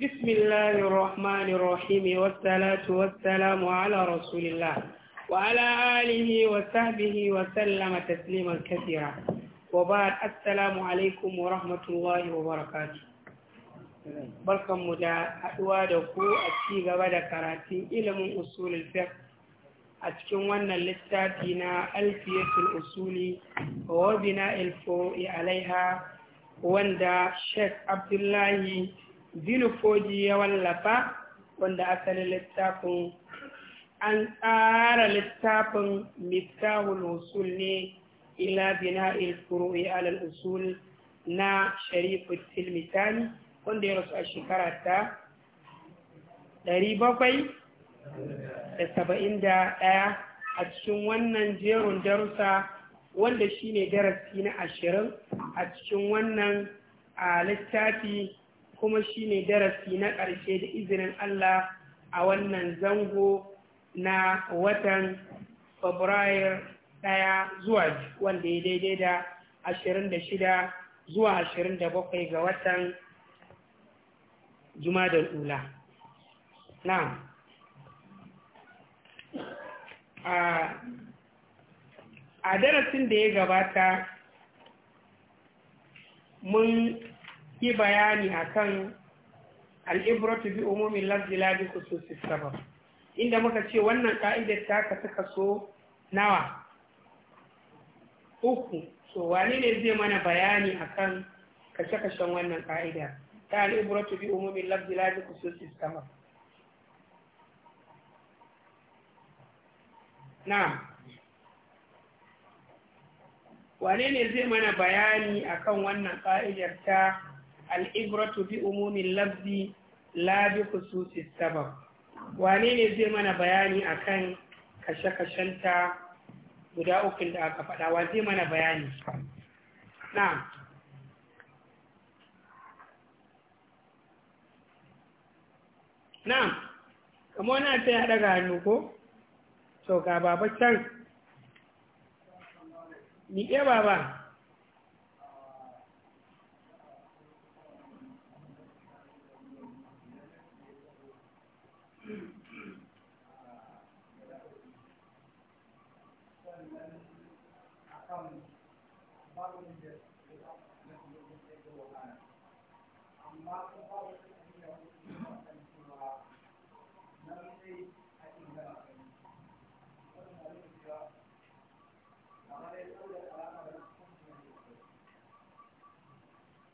بسم الله الرحمن الرحيم والصلاة والسلام على رسول الله وعلى آله وصحبه وسلم تسليما كثيرا وبعد السلام عليكم ورحمة الله وبركاته barkan mu da haɗuwa da ku a ci gaba da karatun ilimin usulul fiqh a cikin wannan littafi na alfiyatul usuli wa bina ilfo alaiha wanda Sheikh Abdullahi Dinufoji ya wallafa wanda asalin littafin an tsara littafin miftahul usul ne ila bina furu'i alal usul na sharifu tilmitani wanda ya rasu a shekara ta 771 a cikin wannan jerin darussa wanda shine darasi na ashirin a cikin wannan a littafi kuma shine darasi na ƙarshe da izinin Allah a wannan zango na watan Fabrair ɗaya zuwa wanda ya daidai da ashirin da shida zuwa ashirin da bakwai ga watan jumadar da Ula. Na'am. a darasin da ya gabata mun yi bayani akan al'ibratu bi umumin lazzila bi khususis sabab inda muka ce wannan ka'idar ta ka suka so nawa uku so wane ne zai mana bayani akan kashe-kashen wannan ka'ida ta al'ibratu bi umumin lazzila bi khususis sabab na'am wane ne zai mana bayani akan wannan ƙa'idar ta al'ibratu bi umumin lafzi labi bi khususis sabab wane ne zai mana bayani akan kashe kashen ta guda ukun da aka faɗa wa zai mana bayani na Na kamar na ta yi haɗa ga hannu ko to ga baba can Ni ɗe baba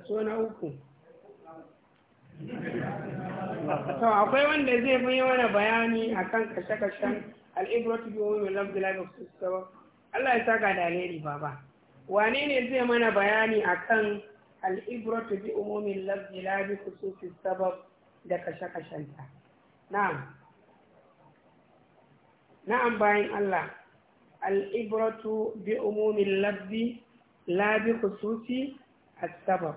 kaso na uku to akwai wanda zai fi mana bayani akan kashe-kashen al'ibratu bi wani lafzi life of sister Allah ya saka da alheri ba, wane ne zai mana bayani akan al'ibratu bi umumin lafzi life khususi sabab da kashe-kashen ta na'am na'am bayan Allah al'ibratu bi umumin lafzi la bi khususi السبب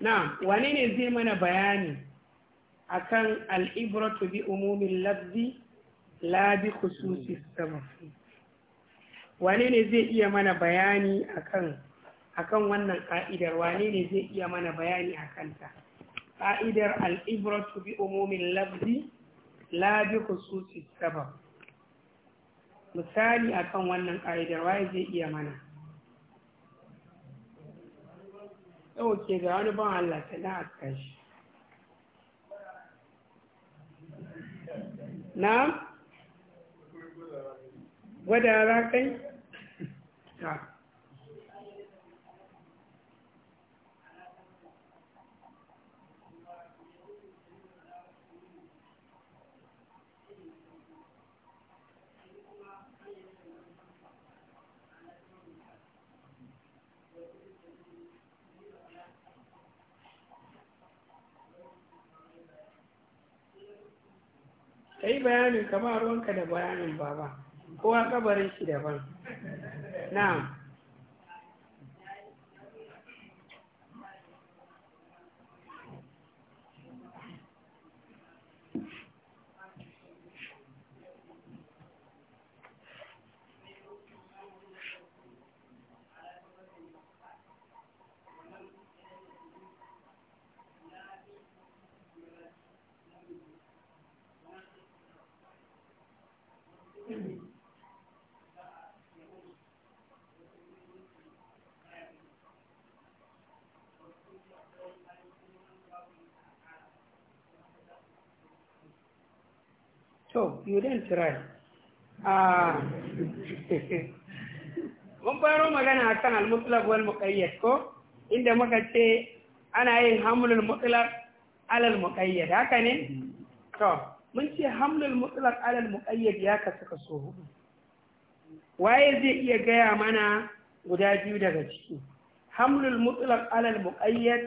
na wane ne zai mana bayani akan al'ibratu bi umomin lafzi la bi khususi sabab wane ne zai iya mana bayani akan akan wannan ka'idar wane ne zai iya mana bayani akan ta ƙa'idar al'ibratu bi umumin lafzi la khususi sabab misali akan wannan ƙa'idar waye zai iya mana ɗauke ga wani ban Allah ta na aska shi na gwada za kai? ka yi bayanin kamar ruwanka da bayanin baba kowa kabarin shi daban na'am you then try ah. mun faro magana akan al-mutlaq wal muqayyad ko inda muka ce ana yin hamlul mutlaq alal muqayyad haka ne to mun ce hamlul mutlaq alal muqayyad ya kasu kaso hudu waye zai iya gaya mana guda biyu daga ciki hamlul mutlaq alal muqayyad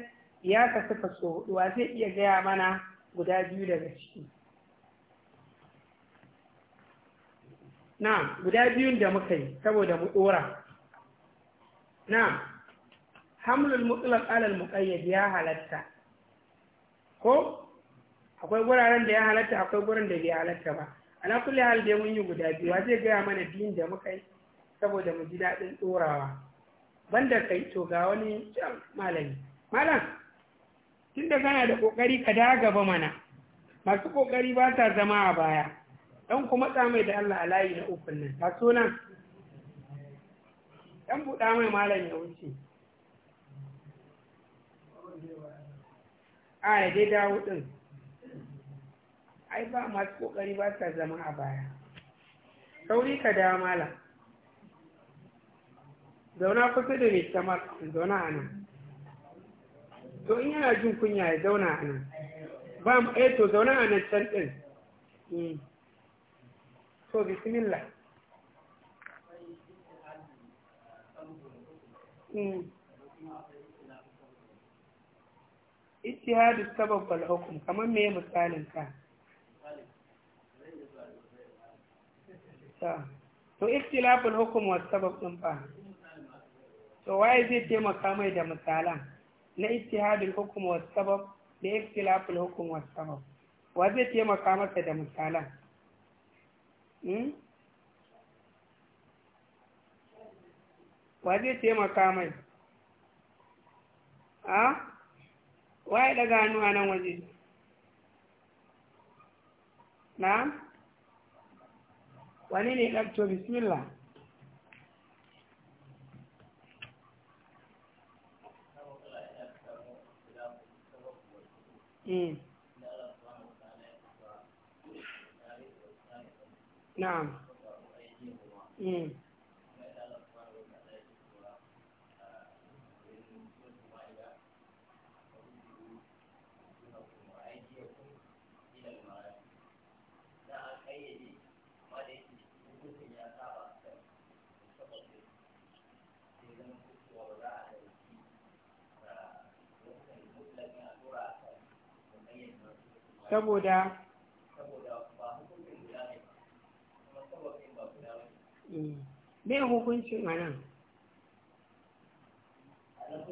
ya kasu kaso hudu wa zai iya gaya mana guda biyu daga ciki na guda biyun da muka yi saboda mu dora na hamlul mutlaq alal muqayyad ya halatta ko akwai guraren da ya halatta akwai gurin da bai halatta ba ala kulli hal dai mun yi guda biyu zai gaya mana biyun da muka yi saboda mu ji dadin dorawa banda kai to ga wani can malami malam tunda kana da kokari ka daga gaba mana masu kokari ba sa zama a baya ɗan kuma tsamai da Allah a layi na ukun nan ta sunan ɗan buɗa mai malam ya wuce a ya dai dawo ɗin ai ba masu ƙoƙari ba ta zama a baya sauri ka dawo malam zauna kusa da mai samar zauna a nan to in yana jin kunya ya zauna a nan ba mu eh, to zauna a nan can ɗin hmm. so bismillah hmm. ijtihadu sabab wal hukum kamar me misalin ka to ikhtilaful hukum was sabab din fa to waye zai taimaka mai da misalan na ijtihadul hukum was sabab da ikhtilaful hukum was sabab wa zai taimaka masa da misalan Hmm? Waje zai taimaka mai a waye daga hannu a nan waje na wani ne ɗabto bismillah Mm. na'am hmm. saboda Eh, me hukunci a nan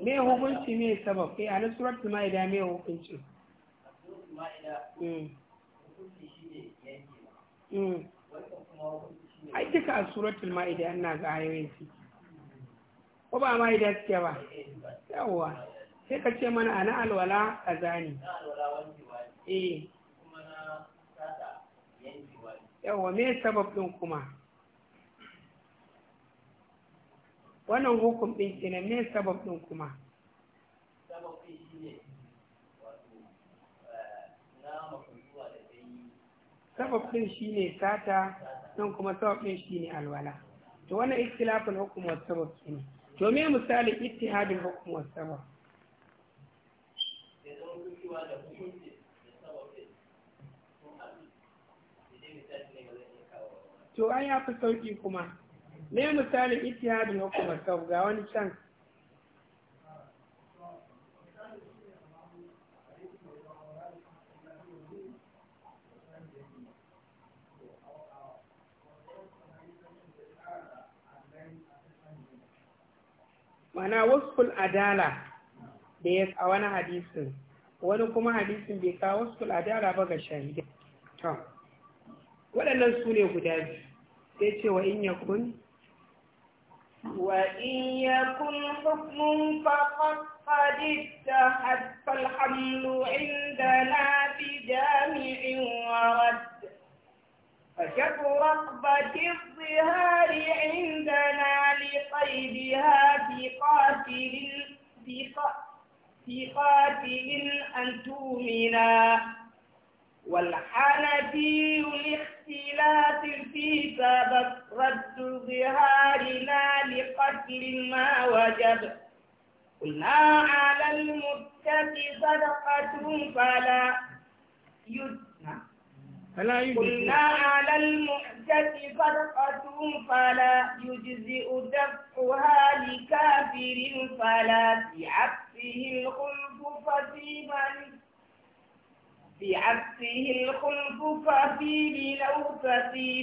me hukunci me sabab kai eh, a nan suratul ma'ida me hukuncin hmm. hmm. a a suratul ma'ida ana ga ayoyin su ko ba ma'ida suke ba yawwa sai ka ce mana ana alwala kaza ne eh. yawwa me sabab kuma wannan hukum ɗin kenan ne sabab ɗin kuma eh, sabab ɗin shi ne sata nan kuma sabab ɗin shi ne alwala to wannan ikilafin hukum wa sabab ne to me misalin ittihadin hukum wa sabab to an ya fi sauƙi kuma me misalin ittihadin hukumar kawo ga wani can mana wasful adala da ya a wani hadisin wani kuma hadisin bai kawo wasful adala ba ga shahidai waɗannan su ne guda biyu sai ce wa in yakun وإن يكن حكم فقد قد اتحد فالحمل عندنا بجامع ورد فشك رقبة الظهار عندنا لقيدها بقاتل بقاتل أن تؤمنا والحنفي التفصيلات في سبب رد ظهارنا لقتل ما وجب قلنا على المتك صدقة فلا يدنى فلا قلنا على المؤتد فرقة فلا يجزئ دفعها لكافر فلا بعكسه الخلف فسيما من بعكسه الخلق ففي لو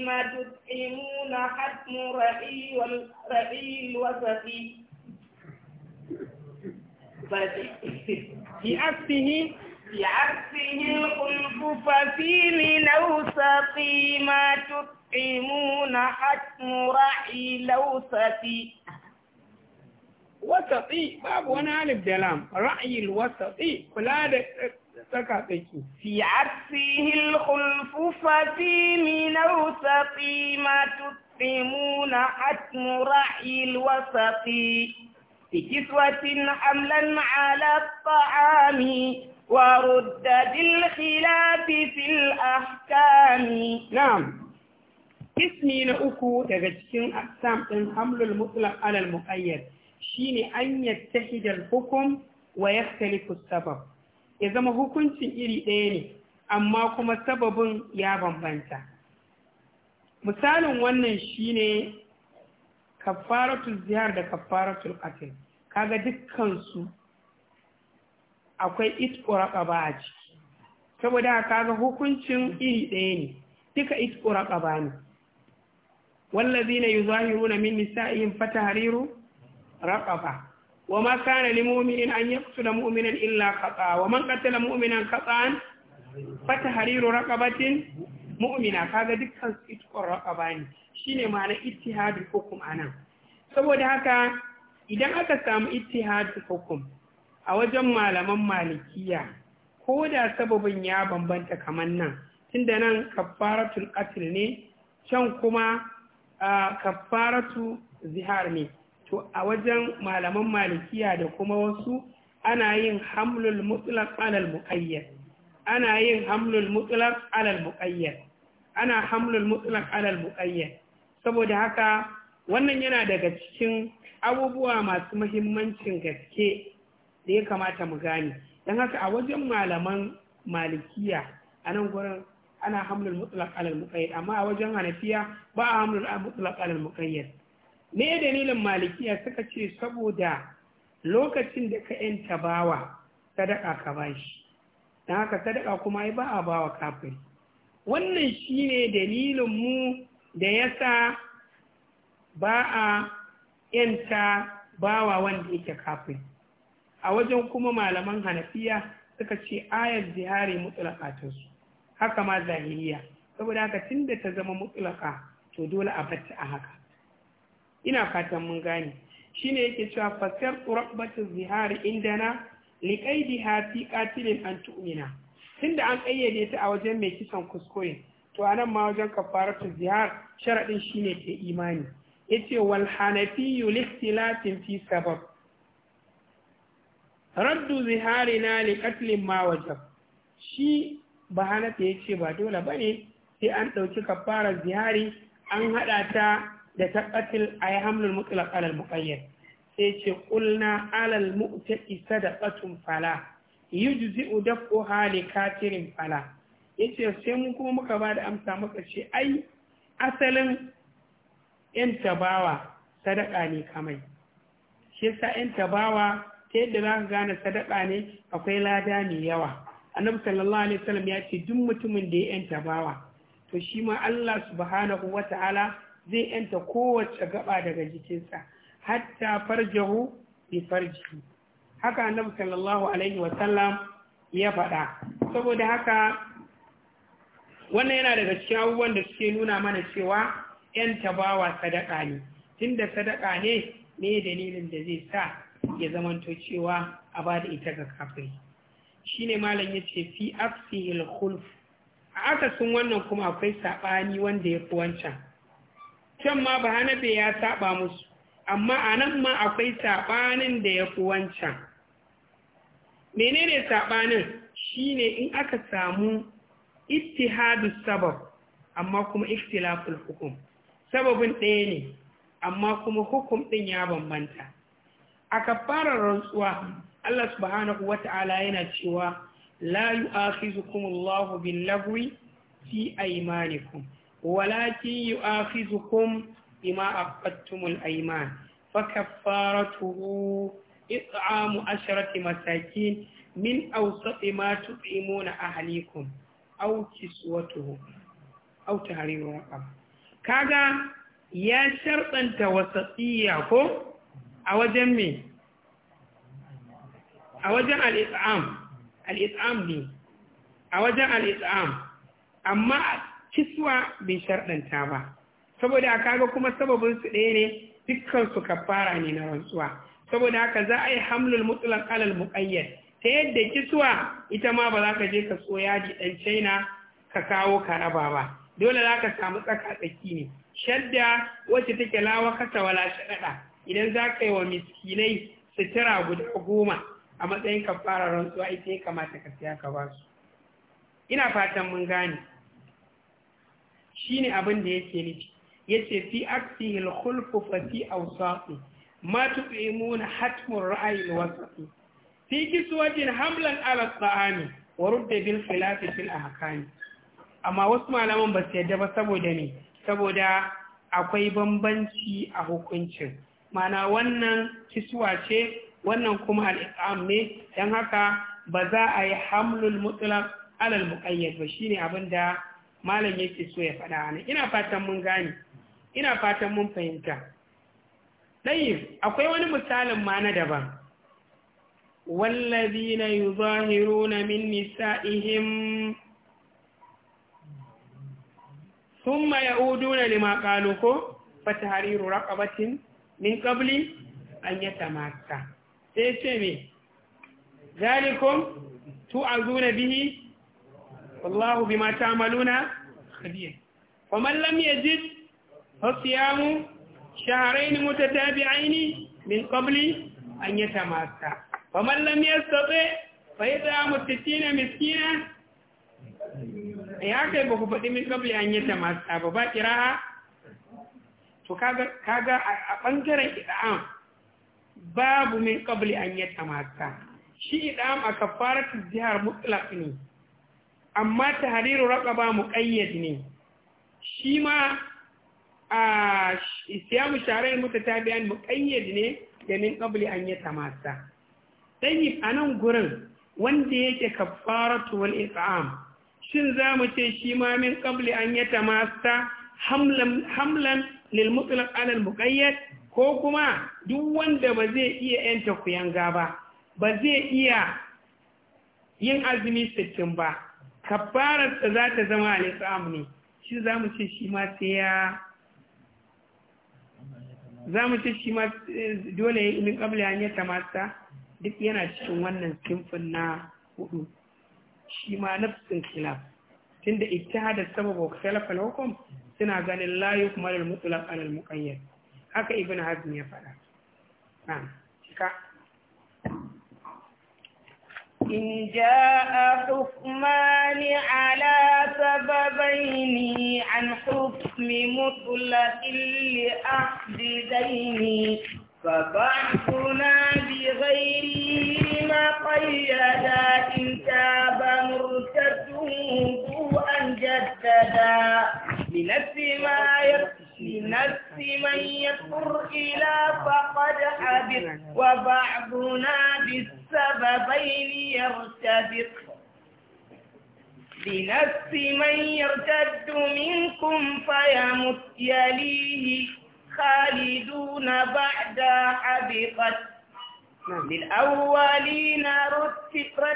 ما تطعمون حتم وففي في الوسطي في بعكسه الخلق ففي لو ما تطعمون حتم رعي الوسطي وسطي باب وانا الف دلام رأي الوسطي ولا في عرسه الخلف ففي من وسقي ما تتقمون حتم رعي الوسط في كسوة حملا على الطعام ورد بالخلاف في الأحكام نعم اسمي أكو تغجسين أقسام حمل المطلق على المقيد شيني أن يتحد الحكم ويختلف السبب ya zama hukuncin iri ɗaya ne amma kuma sababin ya bambanta misalin wannan shine kafaratul ziyar da kafaratul qatl kaga dukkansu akwai itqura ba a ciki saboda kaga hukuncin iri ɗaya ne duka itqura ba ne wallazina yuzahiruna min fata fatahriru raqaba wa ma kana lil mu'minin an yaqtula mu'minan illa khata wa man qatala mu'minan khata'an fa tahriru raqabatin mu'mina kaga dukkan su raqabani shine ma'ana ittihadul hukum anan saboda haka idan aka samu ittihad hukum a wajen malaman malikiya ko da sababin ya bambanta kamar nan tunda nan kafaratul qatl ne can kuma kafaratu zihar ne to a wajen malaman malikiya da kuma wasu ana yin hamlul mutlaq alal muqayyad ana yin hamlul mutlaq alal muqayyad ana hamlul mutlaq alal muqayyad saboda haka wannan yana daga cikin abubuwa masu mahimmancin gaske da ya kamata mu gane don haka a wajen malaman malikiya a nan gurin ana hamlul mutlaq alal muqayyad amma a wajen hanafiya ba a hamlul mutlaq alal muqayyad me dalilin malikiya suka ce saboda lokacin da ka yanta bawa sadaka ka bashi don haka sadaka kuma ai ba a bawa kafiri wannan shine dalilin mu da yasa ba a yanta bawa wanda yake kafiri a wajen kuma malaman hanafiya suka ce ayar zihari su. haka ma zahiriya saboda haka tunda ta zama mutulaka to dole a batta a haka ina fatan mun gane shine yake cewa fasar rabbatu zihari inda indana liqaidiha hafi qatilin an tu'mina da an ƙayyade ta a wajen mai kisan kuskure to a nan ma wajen kafaratu zihar shi ne ke imani Ya ce wal hanafiyyu lihtilafin fi sabab raddu zihari na qatlin ma wajen. shi ba ya ce ba dole ba ne, sai an ɗauki kafarar zihari an haɗa ta da tabbatil a yi hamlin ala al muƙayyar sai ce alal ala isa da ɓatun fala udaf ko hali katirin fala Ya ce sai mun kuma muka ba da amsa maka ce ai asalin yan tabawa sadaka ne kamai shi yasa yan tabawa ta yadda za ka gane sadaka ne akwai lada mai yawa annabi sallallahu alaihi wasallam ya ce duk mutumin da ya 'yan tabawa. to shi ma Allah subhanahu wata'ala zai yanta kowace gaba daga jikinsa hatta farjahu bi farjihi haka annabi sallallahu alaihi sallam ya faɗa saboda haka wannan yana daga cikin abubuwan da suke nuna mana cewa yan tabawa sadaka ne tunda sadaka ne ne dalilin da zai sa ya zamanto cewa a ba da ita ga kafiri shine malam yace fi afsihil khulf a akasin wannan kuma akwai saɓani wanda ya fi wancan can ma ba hanabe ya saba musu amma a nan ma akwai saɓanin da ya fi wancan menene saɓanin ne in aka samu ittihadu sabab amma kuma ikhtilaful hukum sababin ɗaya ne amma kuma hukum ɗin ya bambanta a fara rantsuwa Allah subhanahu wata'ala yana cewa la yu'akhizukum Allahu bil lagwi fi aymanikum ولكن يؤاخذكم بما أفقدتم الأيمان فكفارته إطعام عشرة مساكين من أوسط ما تطعمون أهليكم أو كسوته أو تحرير رقبة كاغا يا شرطا توسطية كو أوجن مي أوجن الإطعام الإطعام دي أوجن الإطعام أما kiswa bai sharɗanta ba saboda aka ga kuma sababin su ɗaya ne dukkansu su kafara ne na rantsuwa saboda haka za a yi hamlul mutlaq alal muƙayyar, ta yadda kiswa ita ma ba za ka je ka so ji ɗan china ka kawo ka raba ba dole za ka samu tsaka tsaki ne shadda wacce take lawa kasa wala shaɗaɗa idan za ka yi wa miskinai sutura guda goma a matsayin kafarar rantsuwa ita ya kamata ka siya ka ba su ina fatan mun gane shine abin da yake nufi yace fi aksi al-khulqu fa fi awsaqi ma tu'imuna hatmun ra'ayi al-wasati fi wajen hamlan ala ta'ami wa rudda bil khilaf fil hakani amma wasu malaman ba su yadda ba saboda ne saboda akwai bambanci a hukuncin mana wannan kisuwa ce wannan kuma al ne dan haka ba za a yi hamlul mutlaq alal muqayyad ba shine da. malam yake so ya faɗa ana ina fatan mun gane ina fatan mun fahimta ɗayin akwai wani misalin ma na daban wallazina na min nisa'ihim thumma ya'uduna lima qalu ko fatahriru raqabatin min qabli an yatamassa sai ce me zalikum tu'azuna bihi wallahu bima ta'maluna khabir wa man lam yajid fa siyamu shahrayn mutatabi'ain min qabli an yatamassa wa man lam yastati ya eh, kai ba ku faɗi min qabli an yatamassa ba ba ha. to kaga a bangaren Idan babu min qabli an yatamassa shi idam a kafaratu jihar mutlaq ne amma tahriru raqaba muqayyad ne shi ma a siyamu sharar mutatabi'an muqayyad ne da min qabli an yatamassa a anan gurin wanda yake kaffaratu wal it'am shin za mu ce shi ma min qabli an yatamassa hamlan hamlan lil mutlaq ala al muqayyad ko kuma duk wanda ba zai iya yanta kuyanga ba ba zai iya yin azumi sittin ba kafarar da za ta zama a nisa ne shi za mu ce shi ma sai ya za mu ce shi ma eh, dole ya imin kabla ya ta mata duk yana cikin wannan simfin na hudu shi ma nafsin khilaf tunda hada sababa khilaf al suna ganin layu kuma da mutlaq al mukayyar haka ibn hazm ya fara cika. إن جاء حكمان على سببين عن حكم مطلق لأحد دين فبعثنا بغيره قيدا إن تاب مرتده أن جددا لنفس ما يكتب لنفس من يكفر إلى فقد حبط وبعضنا بالسببين يرتبط لنفس من يرتد منكم فيمت يليه خالدون بعد حبقت للأولين رتب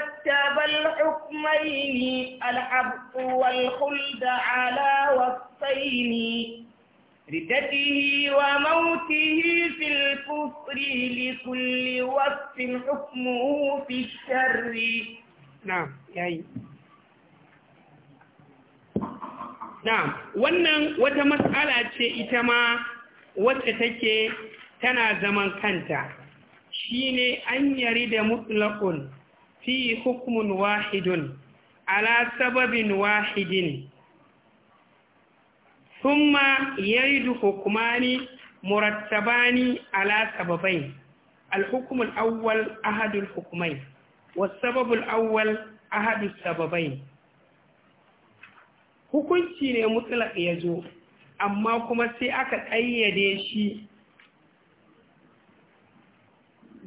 الحكمين الحق والخلد على وصفين ردته وموته في الكفر لكل وصف حكمه في الشر نعم ياي na'am wannan wata matsala ce ita ma wacce take tana zaman kanta shine an yari da mutlaqun fi hukmun wahidun ala sababin wahidin thumma yaridu hukumani murattabani ala sababain الحكم الأول أحد الحكمين والسبب الأول أحد sababai. hukunci ne mutlaq ya zo amma kuma sai aka ƙayyade shi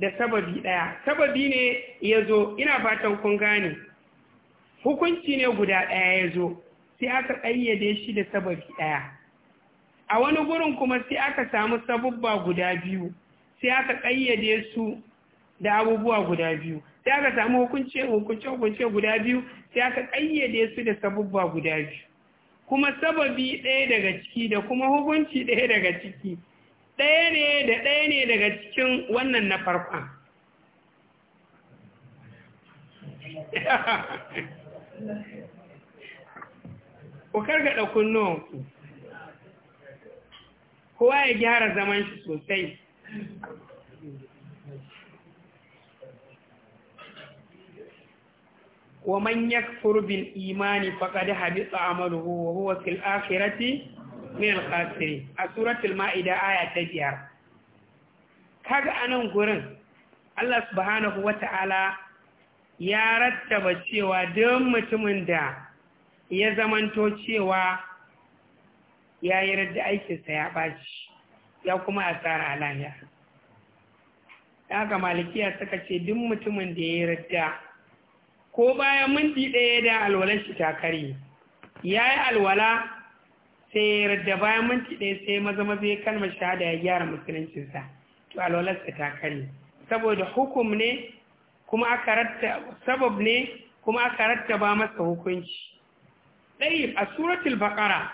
da sababi ɗaya sababi ne ya zo ina fatan kun gane hukunci ne guda ɗaya ya zo sai aka ƙayyade shi da sababi ɗaya a wani gurin kuma sai aka samu sabubba guda biyu sai aka ƙayyade su da abubuwa guda biyu sai aka samu hukunce hukunce hukunce guda biyu sai aka ƙayyade su da sabubba guda biyu kuma sababi ɗaya daga ciki da kuma hukunci ɗaya daga ciki ɗaya ne da ɗaya ne daga cikin wannan na farkon ku kargada kunnuwanku kowa ya gyara zaman shi sosai wa man yakfur bil imani faqad habita amaluhu wa huwa fil akhirati min al khasirin a suratul maida aya ta biyar kaga anan gurin Allah subhanahu wata'ala ya rattaba cewa duk mutumin da ya zamanto cewa ya yi da aikinsa ya ɓaci ya kuma asara tsara lahiya ya ga malikiya suka ce duk mutumin da ya yi radda ko bayan minti ɗaya da alwalar shi ta karye ya yi alwala sai ya radda bayan minti ɗaya sai maza maza ya kalmar shahada ya gyara musuluncinsa to alwalarsa ta karye saboda hukum ne kuma aka rattaba sabab ne kuma aka rattaba masa hukunci tayyib a suratul baqara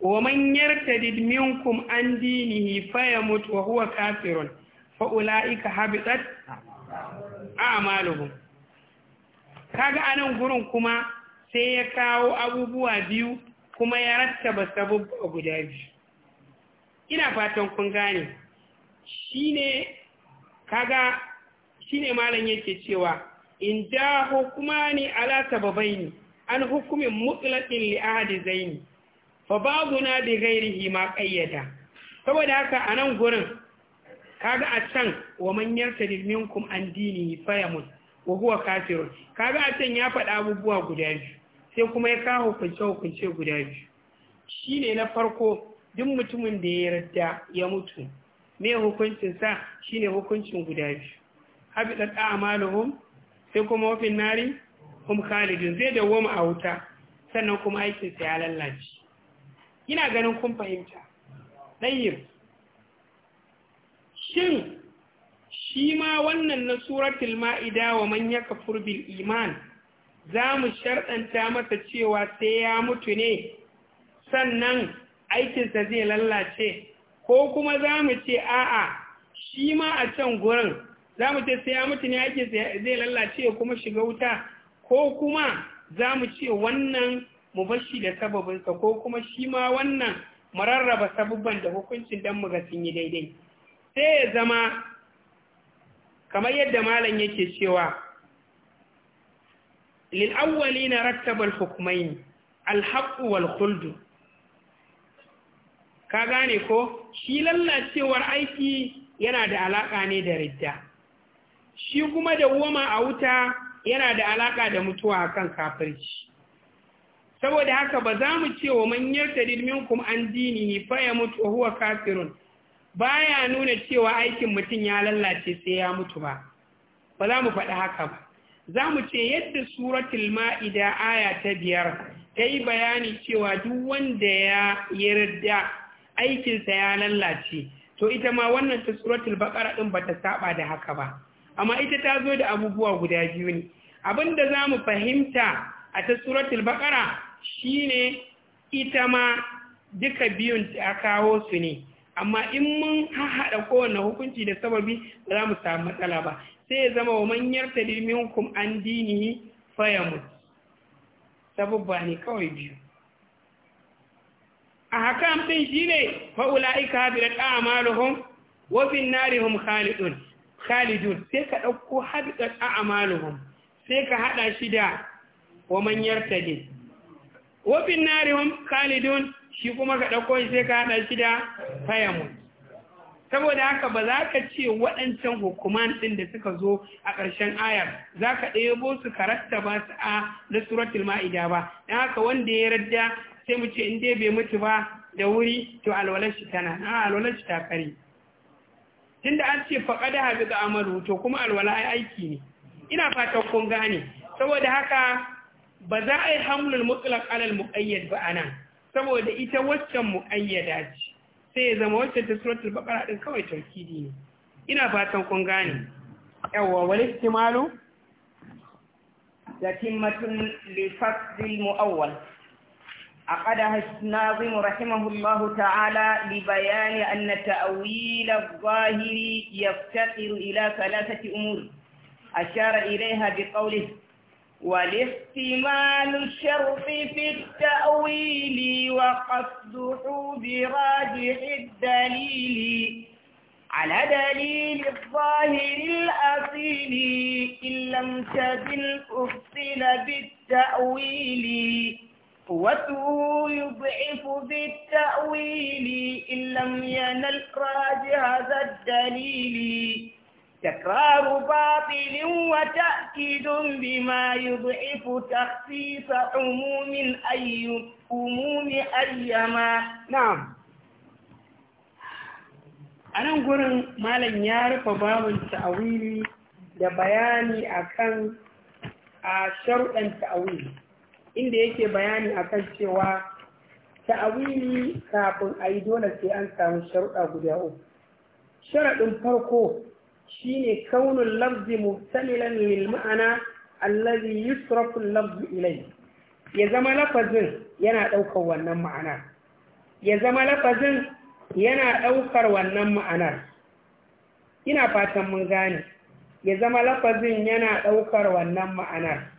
wa man yartadid minkum an dinihi fayamut wa huwa kafirun fa ulaika habitat kaga anan gurin kuma sai ya kawo abubuwa biyu kuma ya rattaba sabubba guda biyu ina fatan kun gane shine kaga shine malam yake cewa in jaho kuma ni ala sababaini an hukumin mutlaɗin li'adi zaini fa babuna bi ghairihi ma qayyada saboda haka a nan gurin kaga a can wa manyan yartadid minkum an dinihi fayamut wa huwa kaga a can ya faɗa abubuwa guda biyu sai kuma ya kawo hukunce hukunce guda biyu shine na farko duk mutumin da ya yarda ya mutu me hukuncinsa sa shine hukuncin guda biyu habitat a'maluhum sai kuma wafin nari hum khalidun zai dawoma a wuta sannan kuma aikin sa ya lallace ina ganin kun fahimta tayyib shin shi ma wannan na suratul ma'ida wa man yakfur bil iman za mu sharɗanta masa cewa sai ya mutu ne sannan aikinsa zai lallace ko kuma za mu ce a'a shi ma a can gurin za mu ce sai ya mutu ne aikinsa zai lallace kuma shiga wuta ko kuma za mu ce wannan mu bashi da sababinsa ko kuma shi ma wannan mararraba sabubban da hukuncin dan mu ga sun yi daidai sai ya zama kamar yadda malam yake cewa lil na na hukumai, hukmayn al-haqq wal khuld ka gane ko shi lallacewar aiki yana da alaƙa ne da ridda shi kuma da woma a wuta yana da alaka da mutuwa kan kafirci saboda haka ba za mu ce wa man yartadid kuma an ni fa mutu, wa huwa kafirun baya nuna cewa aikin mutum ya lallace sai ya mutu ba ba za mu faɗi haka ba za mu ce yadda suratul ma'ida aya ta biyar ta yi bayani cewa duk wanda ya yarda aikinsa ya lallace to ita ma wannan ta suratul baqara din bata saba da haka ba amma ita ta zo da abubuwa guda biyu ne abin da za mu fahimta a ta suratul baƙara shine ita ma duka biyun ta kawo su ne amma in mun haɗa kowane hukunci da sababi ba za mu samu matsala ba sai ya zama wa manyar tadilmin hukum an dini fayamu sababba ne kawai biyu a hakan ɗin shi ne fa'ula'ika haɗu da ƙa'amaluhun wafin narihun khalidun khalidun sai ka ɗauko a a'amaluhum sai ka haɗa shi da wa man yartadi wa bin narihum khalidun shi kuma ka ɗauko shi sai ka haɗa shi da fayamun saboda haka ba za ka ce waɗancan hukuman ɗin da suka zo a ƙarshen ayar za ka ɗebo su karasta ba su a na suratul ma'ida ba don haka wanda ya radda sai mu ce in dai bai mutu ba da wuri to alwalar shi tana na alwalar shi ta kare tunda an ce faƙada haɗu ga amalu to kuma alwala aiki ne ina fatan kun gane saboda haka ba za a yi hamlul mutlaq alal muqayyad ba anan saboda ita waccan muqayyada ce sai ya zama waccan ta suratul baqara din kawai tarkidi ne ina fatan kun gane yawa wal ihtimalu yatimmatun li muawwal عقدها الناظم رحمه الله تعالى لبيان أن تأويل الظاهر يفتقر إلى ثلاثة أمور أشار إليها بقوله والاحتمال الشرط في التأويل وقصده براجح الدليل على دليل الظاهر الأصيل إن لم تزل أفصل بالتأويل وتو يضعف بالتأويل إن لم ينل راج هذا الدليل تكرار باطل وتأكيد بما يضعف تخصيص عموم أي عموم أيما نعم أنا أقول ما لن يعرف باب التأويل da bayani akan a sharuɗan ta'awili inda yake bayani a kan cewa ta'awili kafin a yi dole sai an samu sharuɗa guda uku sharaɗin farko shi ne kaunin lafzi muhtamilan lil ma'ana allazi yusrafu lafzi ilai ya zama lafazin yana ɗaukar wannan ma'ana ya zama lafazin yana ɗaukar wannan ma'anar ina fatan mun gane ya zama lafazin yana ɗaukar wannan ma'anar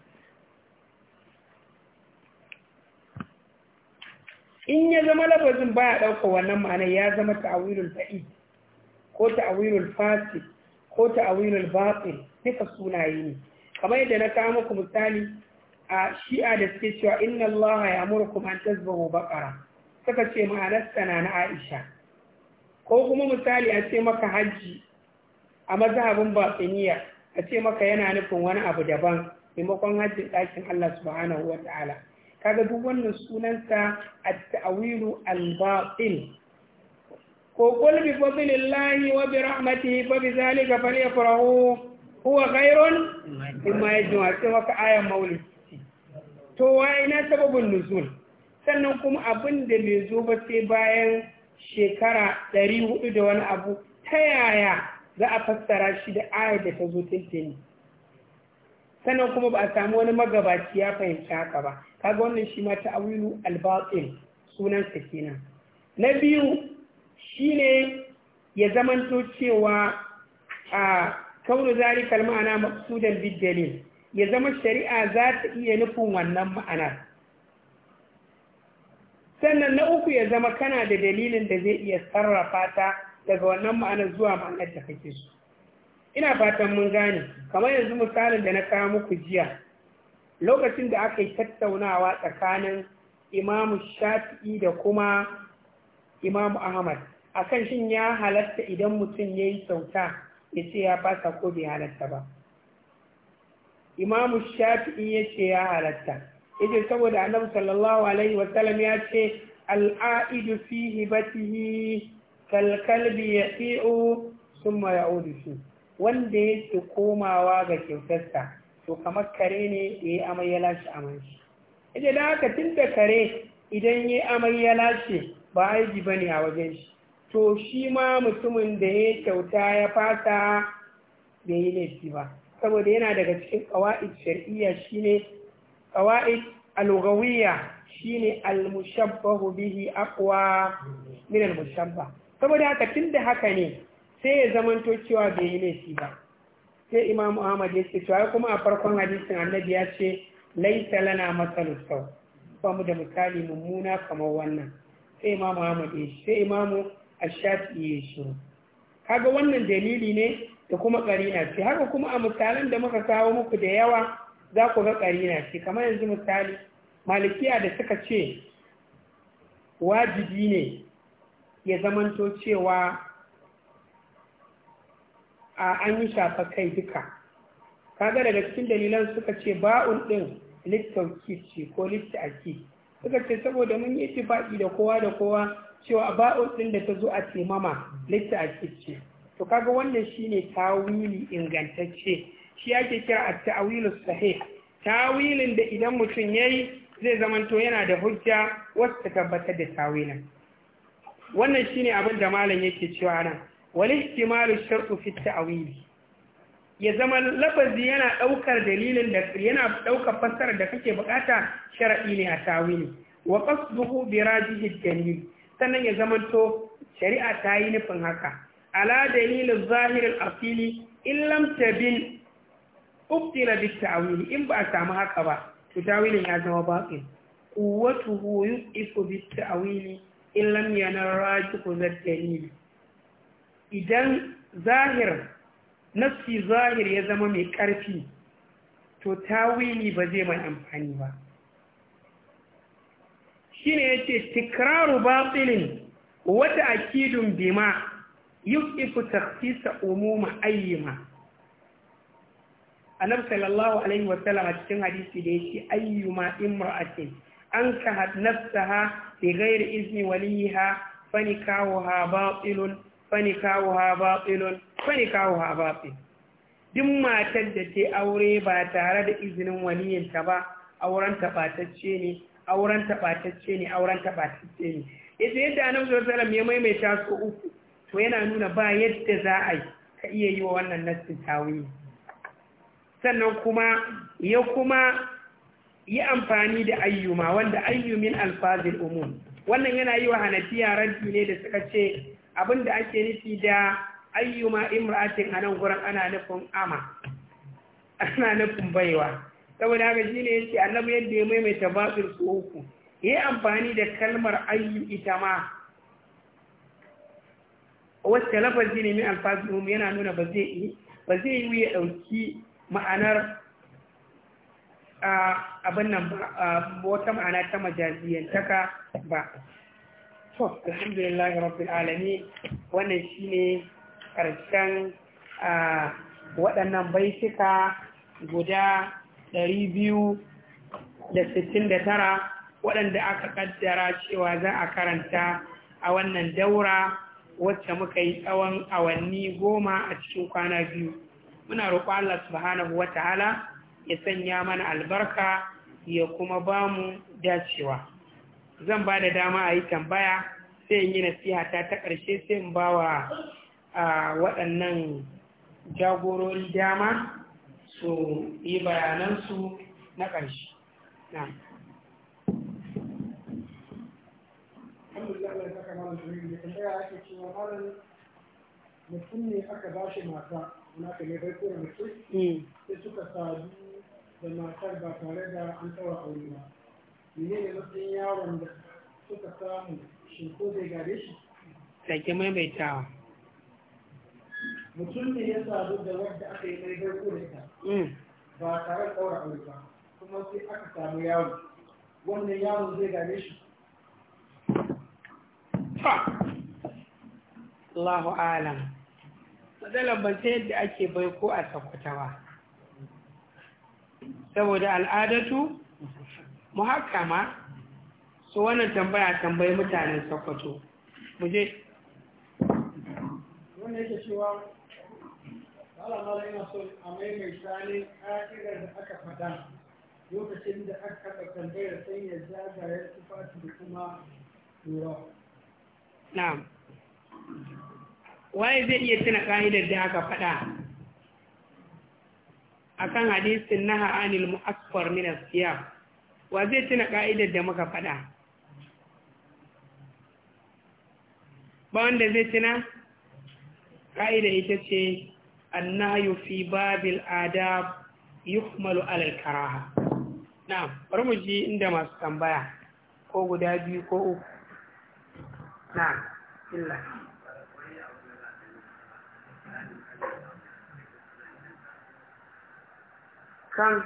in ya zama lafazin baya ɗauka wannan ma'anar ya zama ta'awilul ba'id ko ta'awilul fasid ko ta'awilul batil duka sunaye ne kamar yadda na kawo muku misali a shi'a da suke cewa inna Allah ya amurkum an tazbahu baqara suka ce ma'anar sana na Aisha ko kuma misali a ce maka hajji a mazhabin batiniya a ce maka yana nufin wani abu daban maimakon hajjin ɗakin Allah subhanahu wa kaga duk wannan sunansa at-ta'wilu al-batil ko qul bi fadlillahi wa bi rahmatihi fa bi zalika falyafrahu huwa khairun mimma yajma'un sai ka aya maulid to wa ina sababin nuzul sannan kuma abin da bai zo ba sai bayan shekara 400 da wani abu ta yaya za a fassara shi da ayar da ta zo tintini sannan kuma ba a samu wani magabaci ya fahimci haka ba kaga wannan shi ma ta'awilu al-batil sunan sa kenan na biyu shine ya zamanto cewa a kaunu zalikal ma'ana maqsudan bid dalil ya zama shari'a za ta iya nufin wannan ma'anar sannan na uku ya zama kana da dalilin da zai iya sarrafa ta daga wannan ma'anar zuwa ma'anar da kake so ina fatan mun gane kamar yanzu misalin da na kawo muku jiya lokacin da aka yi tattaunawa tsakanin imamu shafi'i da kuma imamu ahmad akan shin ya halatta idan mutum ya yi sauta ya ce ya fasa ko bai halatta ba imamu shafi'i ya ce ya halatta ya saboda annabi sallallahu alaihi wasallam ya ce al'a'idu fi hibatihi kalkalbi ya fi'u sun ma ya'udu shi wanda yake komawa ga kyautarsa to kamar kare ne da ya amai ya lashe amai shi ita da haka tun da kare idan ya amai ya lashe ba aiki ba ne a wajen shi to shi ma mutumin da ya kyauta ya fasa bai yi laifi ba saboda yana daga cikin ƙawa'id shar'iyya shine kawa'id al-lughawiyya shine al-mushabbahu bihi aqwa min al mushabba saboda haka tun da haka ne sai ya zamanto cewa bai yi laifi ba sai imamu ahmad ya ce cewa kuma a farkon hadisin annabi ya ce laisa lana matsalus sau ba mu da misali mummuna kamar wannan sai imamu ahmad ya ce sai imamu shafi ya ce kaga wannan dalili ne da kuma karina ce haka kuma a misalin da muka kawo muku da yawa za ku ga karina ce kamar yanzu misali malikiya da suka ce wajibi ne ya zamanto cewa a an yi shafa kai duka kaga daga cikin dalilan suka ce ba'un din littauki ce ko ake suka ce saboda mun yi tifaki da kowa da kowa cewa ba'un din da ta zo a temama ake ce to kaga wannan shine tawili ingantacce shi ake kira a tawilu sahih tawilin da idan mutum yayi zai zamanto yana da hujja wasu ta tabbatar da tawilin wannan shine abin malam yake cewa nan والاحتمال الشرط في wili. ya zama lafazi yana ɗaukar dalilin da yana ɗaukar fassarar da kake bukata sharai ne a tawili wa qasduhu bi rajihi dalil sannan ya zama to shari'a ta yi nufin haka ala dalilin zahirin asili in lam tabin ubtila bi ta'wili in ba a samu haka ba to tawilin ya zama batil quwwatuhu yuqifu bi ta'wili in lam yanar rajihu dalil idan zahir nafsi zahir ya zama mai ƙarfi to tawili ba zai mai amfani ba shine yace tikraru batilin wata akidun bima yuqifu takhsisa umuma ayyima annab sallallahu alaihi wa sallam cikin hadisi da yake ayyuma imra'atin an ka izini bi izni waliha ha batilun fani kawo ha batilun fani kawo ha batil duk matar da ke aure ba tare da izinin waliyanta ba auren tabatacce ne auren tabatacce ne auren tabatacce ne Idan yadda annabi sallallahu alaihi ya maimaita su uku to yana nuna ba yadda za a ka iya yi wa wannan nassin tawili sannan kuma ya kuma yi amfani da ayyuma wanda ayyumin alfazil umum wannan yana yi wa hanafiya raddi ne da suka ce abin da ake nufi da ayyuma imra'atin a nan gurin ana nufin ama ana nufin baiwa saboda haka shine yace annabi yadda ya maimaita batsir su uku yi amfani da kalmar ayyu ita ma wacce lafazi ne min alfazihum yana nuna ba zai yi ba zai yi ya ɗauki ma'anar abin nan wata ma'ana ta majaziyantaka ba to alhamdulillahi rabbil alami wannan shine karshen a waɗannan baituka guda ɗari da tara waɗanda aka ƙaddara cewa za a karanta a wannan daura wacce muka yi tsawon awanni goma a cikin kwana biyu muna roƙo Allah subhanahu wa ta'ala ya sanya mana albarka ya kuma ba mu dacewa zan ba da dama a yi tambaya sai in yi nasiha ta ta ƙarshe sai in ba wa waɗannan jagorori dama su yi bayanansu na ƙarshe na mutum ne aka ba shi mata na ka ne baiko da mutum mm. sai suka sadu da matar ba tare da an tsawar aure ba ne ne matsayin yaron da suka samu shi ko zai gare shi sake maimaitawa mutum ne ya sadu da wanda aka yi mai garko da ita mm. ba tare da ɗaura aure ba kuma sai aka samu yaro wannan yaron zai gare shi Allahu alam. Matsalar ba ta yadda ake bai ko a sakwata ba. Saboda al'adatu muhakkama su wannan tambaya tambayi mutanen sokoto mu je wanda yake cewa alamara yana so a maimaita ne ƙa'idar da aka faɗa lokacin da aka taɓa tambayar sanya zagayar tufafi da kuma tura na'am waye zai iya tuna ƙa'idar da aka faɗa akan hadisin naha anil mu'asfar min asiyam wa zai tuna ka'idar da muka faɗa ba wanda zai tuna ƙa'idar ita ce annahu fi babil adab yuhmalu alal karaha Na bari mu ji inda masu tambaya ko guda biyu ko uku Na illa kan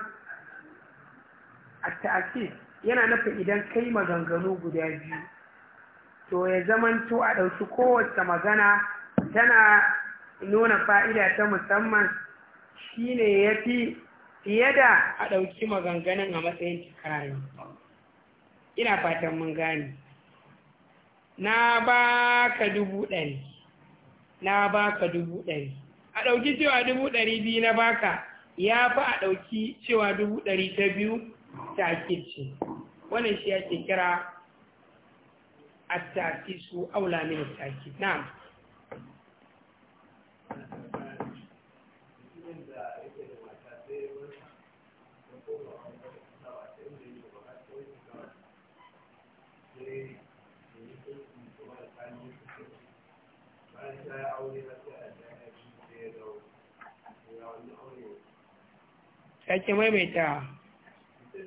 a ta'akid yana nufin idan kai maganganu guda biyu to ya zamanto a ɗauki kowace magana tana nuna fa'ida ta musamman shi ne ya fi fiye da a ɗauki maganganun a matsayin cikari ina fatan mun gane na ba ka dubu ɗari na ba ka dubu ɗari a ɗauki cewa dubu ɗari biyu na baka ya fi a ɗauki cewa dubu ɗari ta biyu ta'kid ce wannan shi yake kira at-ta'kisu aula min at-ta'kid na'am Sake maimaita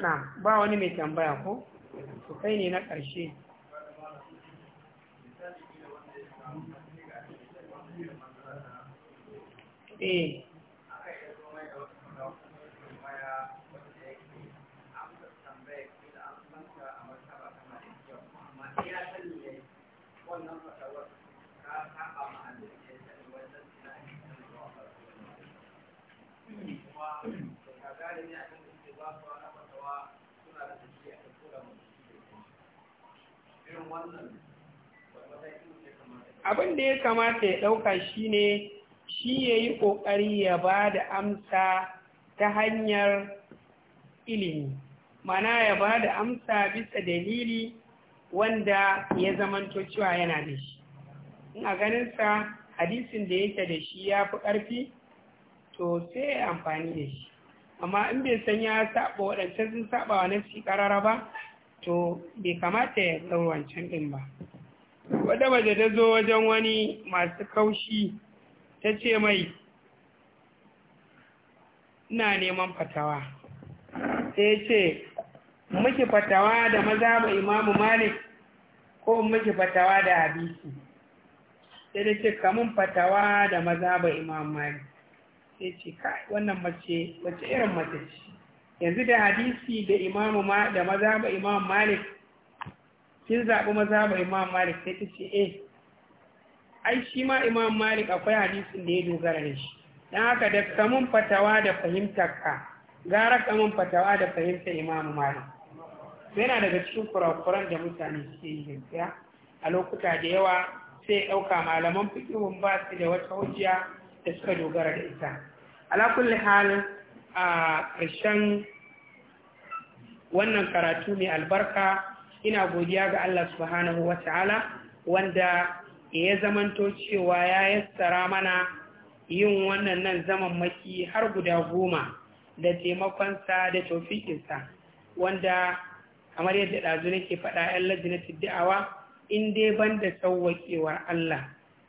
na ba wani mai tambaya ko su kai ne na ƙarshe eh abin da ya kamata ya ɗauka shi ne shi ya yi ƙoƙari ya ba da amsa ta hanyar ilimi mana ya ba da amsa bisa dalili wanda ya zamanto cewa yana da shi in a ganinsa hadisin da yake da shi ya fi ƙarfi to sai ya amfani da shi amma in bai san ya saba waɗancan sun saɓa wa nafi ƙarara ba to bai kamata ya ɗau wancan ɗin ba wata da ta zo wajen wani masu kaushi ta ce mai ina neman fatawa sai ce miki fatawa da maza ba imamu malik ko miki fatawa da Abisi? sai da ce kamun fatawa da maza ba imamu malik sai ce kai wannan mace wace irin mace ce yanzu da hadisi da imamu ma da mazaba imam malik kin zaɓi mazaba imam malik sai ta ce eh ai shi ma imam malik akwai hadisin da ya dogara da shi dan haka da kamun fatawa da fahimtar ka gara kamun fatawa da fahimtar imam malik yana daga cikin kurakuran da mutane suke yi gaskiya a lokuta da yawa sai ɗauka malaman fikihun ba su da wata hujja da suka dogara da ita ala kulli halin a ƙarshen wannan karatu mai albarka ina godiya ga Allah subhanahu wa ta'ala wanda ya zamanto cewa ya yassara mana yin wannan nan zaman maki har guda goma da taimakonsa da taufikinsa wanda kamar yadda ɗazu nake faɗa ‘yan na da'awa in dai ban da sauwaƙewar Allah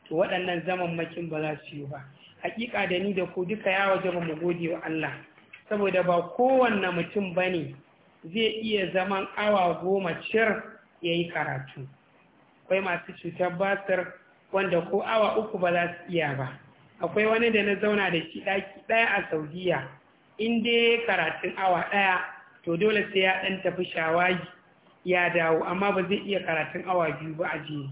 to waɗannan zaman makin ba za su yi ba Haƙiƙa da ni da ku duka ya waje ba mu gode wa Allah saboda ba kowanne mutum ba ne zai iya zaman awa goma cir ya yi karatu akwai masu cutar basir wanda ko awa uku ba za su iya ba akwai wani da na zauna da shi ɗaki ɗaya a saudiya in dai karatun awa ɗaya to dole sai ya ɗan tafi shawagi ya dawo amma ba zai iya karatun awa biyu ba a jini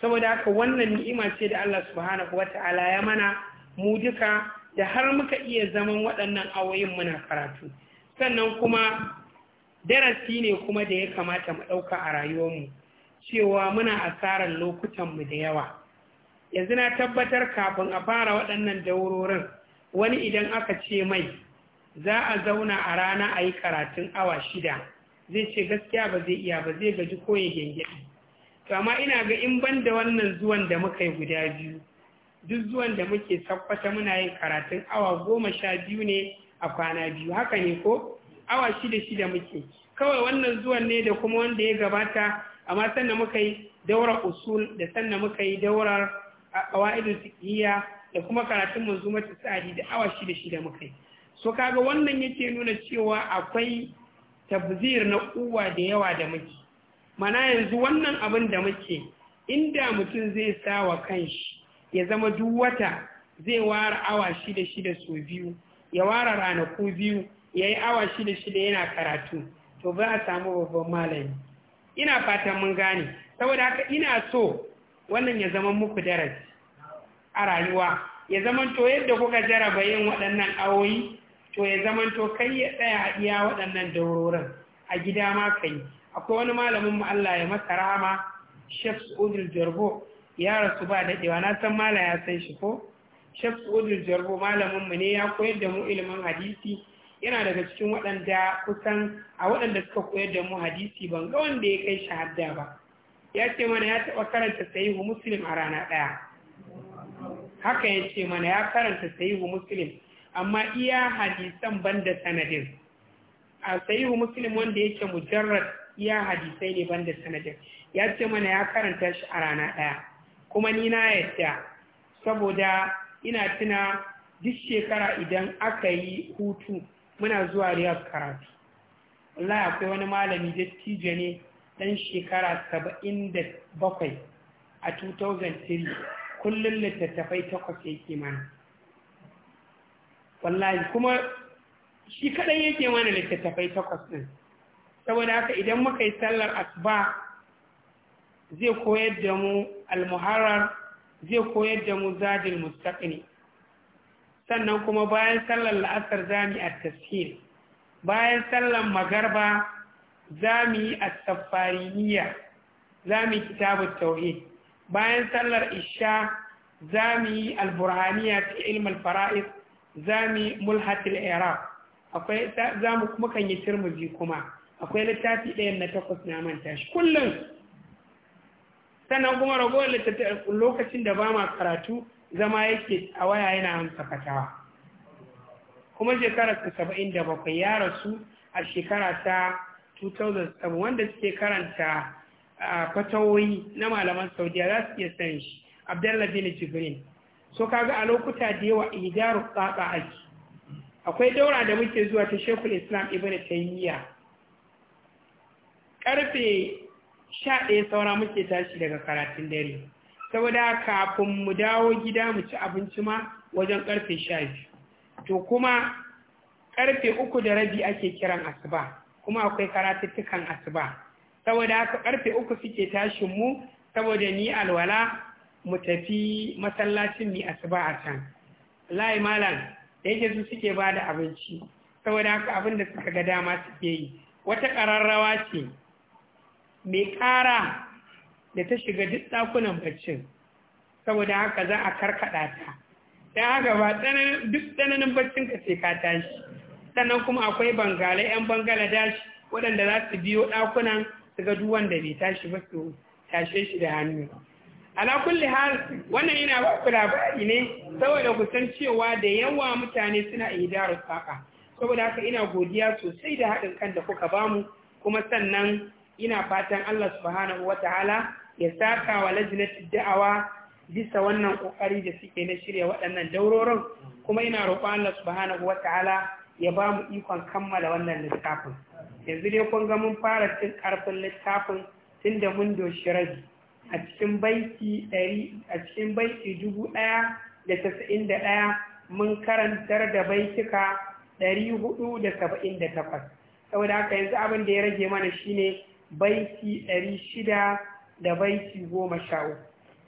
saboda haka wannan ni'ima ce da Allah subhanahu wata'ala ya mana mu duka da har muka iya zaman waɗannan awoyin muna karatu sannan kuma darasi ne kuma da ya kamata mu ɗauka a rayuwarmu cewa muna asarar lokutanmu da yawa yanzu na tabbatar kafin a fara waɗannan daurorin wani idan aka ce mai za a zauna a rana a yi karatun awa shida zai ce gaskiya ba zai iya ba zai gaji ko ya gyangyaɗi amma ina ga in ban da wannan zuwan da muka yi guda biyu duk zuwan da muke sabbata muna yin karatun awa goma sha biyu ne a kwana biyu haka ne ko awa shida shida muke kawai wannan zuwan ne da kuma wanda ya gabata amma sannan muka yi daurar usul da sannan muka yi daurar ƙawa'idun fiqhiyya da kuma karatun mata tsari da awa shida shida muka yi so kaga wannan yake nuna cewa akwai tabzir na uwa da yawa da muke mana yanzu wannan abin da muke inda mutum zai sa wa kanshi ya zama duk wata zai ware awa shida shida so biyu ya ware ranaku biyu ya yi awa shida shida yana karatu to ba a samu babban malami ina fatan mun gane saboda haka ina so wannan ya zama muku darasi a rayuwa ya zama to yadda kuka jaraba yin waɗannan awoyi to ya zama to kai ya tsaya a iya waɗannan daurorin a gida ma kai akwai wani malamin mu Allah ya masa rahama Sheikh Udul Jarbo ya rasu ba daɗewa na san mala ya san shi ko shaf udul jarbo malaminmu ne ya koyar da mu ilimin hadisi yana daga cikin waɗanda kusan a waɗanda suka koyar da mu hadisi ban ga wanda ya kai shahadda ba ya ce mana ya taɓa karanta sahihu muslim a rana ɗaya haka ya ce mana ya karanta sahihu muslim amma iya hadisan ban da sanadin a sahihu muslim wanda yake mujarrad iya hadisai ne ban da sanadin ya ce mana ya karanta shi a rana ɗaya kuma ni na yadda saboda ina tuna duk shekara idan aka yi hutu muna zuwa riyar karatu wallahi akwai wani malami dattijo ne dan shekara saba'in da bakwai a 2003 kullum littattafai takwas yake mana wallahi kuma shi kaɗai yake mana littattafai takwas ɗin saboda haka idan muka yi sallar asuba zai koyar da mu al zai koyar da mu zadil mustaqni sannan kuma bayan sallar la'asar zami a tashhir bayan sallar magarba zami at-safariniya zami kitabu tauhid bayan sallar isha zami alburhaniya ta fi ilm al-fara'id zami mulhat al-i'rab akwai zamu kuma kan yi tirmizi kuma akwai littafi ɗayan na takwas na manta shi kullum sannan kuma ragowar lokacin da ba ma karatu zama yake a waya yana amsa fatawa kuma shekarar saba'in da bakwai ya rasu a shekara ta 2007 wanda suke karanta fatawoyi na malaman saudiya za su iya san shi abdallah bin jibrin so kaga a lokuta da yawa idaru tsatsa ake akwai daura da muke zuwa ta shekul islam ibn taymiya karfe sha ɗaya saura muke tashi daga karatun dare saboda kafin mu dawo gida mu ci abinci ma wajen ƙarfe sha biyu to kuma ƙarfe uku da rabi ake kiran asuba kuma akwai karatuttukan asuba saboda haka ƙarfe uku suke tashin mu saboda ni alwala mu tafi masallacin mi asuba a can layi malam da yake su suke ba da abinci saboda haka abin da suka ga dama suke yi wata ƙararrawa ce mai ƙara da ta shiga duk ɗakunan baccin saboda haka za a karkaɗa ta don haka ba duk tsananin baccin ka sai ka tashi sannan kuma akwai bangalai 'yan dashi waɗanda za su biyo ɗakunan su ga duk wanda bai tashi ba su tashe shi da hannu ala kulli hal wannan yana ba ku labari ne saboda ku san cewa da yawa mutane suna idarar saka saboda haka ina godiya sosai da haɗin kan da kuka bamu kuma sannan ina fatan Allah subhanahu ta'ala) ya saka wa Lajinati da'awa bisa wannan kokari da suke na shirya waɗannan dauroron? kuma ina roƙon Allah subhanahu ta'ala) ya ba mu ikon kammala wannan littafin yanzu dai kun ga mun fara cin karfin littafin tun da mun doshi rabi a cikin baiti dubu ɗaya da tasa'in da ɗaya mun karantar da baitika ɗari hudu da saba'in da takwas saboda haka yanzu abin da ya rage mana shine baiti ɗari shida da baiti goma sha uku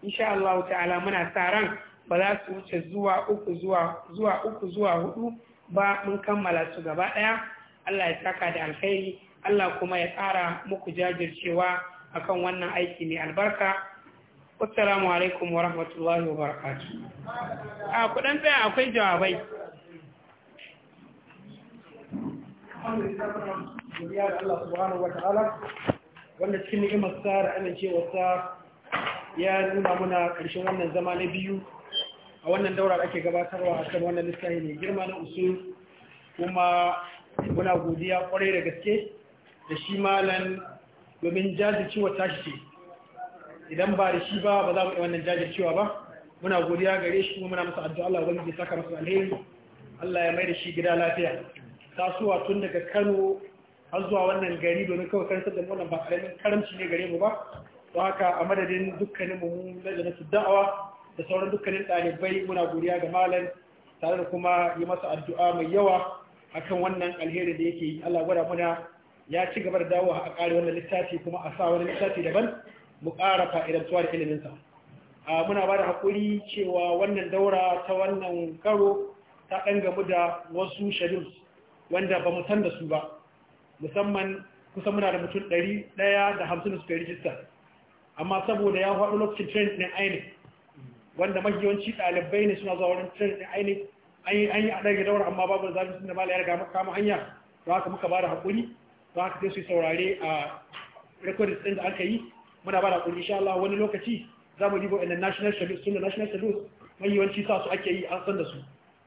insha Allah ta'ala muna sa ran ba za su wuce zuwa uku zuwa zuwa uku zuwa hudu ba mun kammala su gaba ɗaya Allah ya saka da alkhairi Allah kuma ya ƙara muku jajircewa akan wannan aiki mai albarka assalamu alaikum wa rahmatullahi wa barakatu a kudan tsaya akwai jawabai Allah wanda cikin ni'imar sa da amincewarsa ya nuna muna ƙarshen wannan zama na biyu a wannan daura da ake gabatarwa a kan wannan lissahi mai girma na usul kuma muna godiya kwarai da gaske da shi malan domin jajircewa tashi ce idan ba da shi ba ba za mu yi wannan jajircewa ba muna godiya gare shi kuma muna masa addu'a Allah wani ya saka masa alheri Allah ya mai da shi gida lafiya tasowa tun daga Kano har zuwa wannan gari domin kawai karantar da wannan ba karamin karamci ne gare mu ba don haka a madadin dukkanin mu da na da'awa da sauran dukkanin ɗalibai muna godiya ga malam tare da kuma yi masa addu'a mai yawa akan wannan alheri da yake yi Allah gwada muna ya ci gaba da dawowa a kare wannan littafi kuma a sa wani littafi daban mu ƙara fa'idantuwa da sa muna ba da haƙuri cewa wannan daura ta wannan karo ta ɗan mu da wasu shadus wanda ba mu san da su ba musamman kusan muna da mutum ɗari ɗaya da hamsin da suka yi rijista amma saboda ya faɗo lokacin train ɗin aini wanda yawanci ɗalibai ne suna zuwa wurin train ɗin aini an yi a ɗage daura amma babu zafi sun da mala ya riga maka kama hanya to haka muka ba da haƙuri to haka sai su saurare a rekodis ɗin da aka yi muna ba da haƙuri insha Allah wani lokaci za mu ribo inda national service sun da national service yawanci sa su ake yi an san da su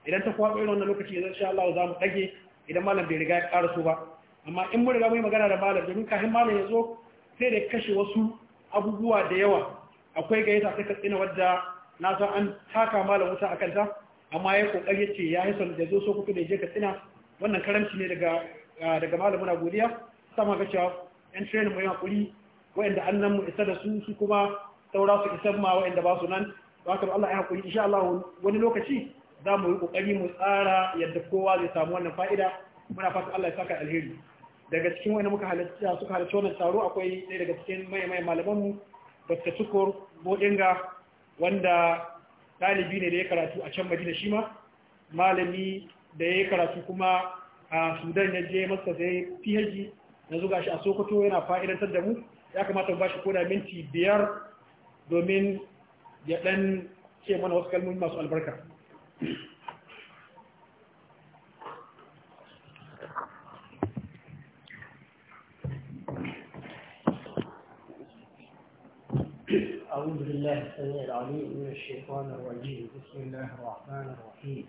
idan ta kwaɓa irin wannan lokaci insha Allah za mu ɗage idan malam bai riga ya ƙara su ba amma in mun riga magana da malam domin kafin malam ya zo sai da kashe wasu abubuwa da yawa akwai gayyata ta katsina wadda na san an taka malam wuta a kanta amma ya kokari ce ya yi son da zo so kuka da je katsina wannan karamci ne daga ah, daga malam muna godiya sama ga cewa yan training mu yakuri wa'anda annan mu isa da su su kuma saura su isan ma wa'anda ba su nan ba haka Allah ya hakuri insha Allah wani lokaci za mu yi kokari mu tsara yadda kowa zai samu wannan fa'ida muna fatan Allah ya saka alheri daga cikin wani muka halatta suka halarci wannan taro akwai ɗaya daga cikin mayan malamanmu dr tukur bodinga wanda ɗalibi ne da ya karatu a can madina shi ma malami da ya karatu kuma a sudan ya je masa sai phd na zuga shi a sokoto yana fa'idantar da mu ya kamata ba shi koda minti biyar domin ya ɗan ce mana wasu kalmomi masu albarka أعوذ بالله السميع العليم من الشيطان الرجيم بسم الله الرحمن الرحيم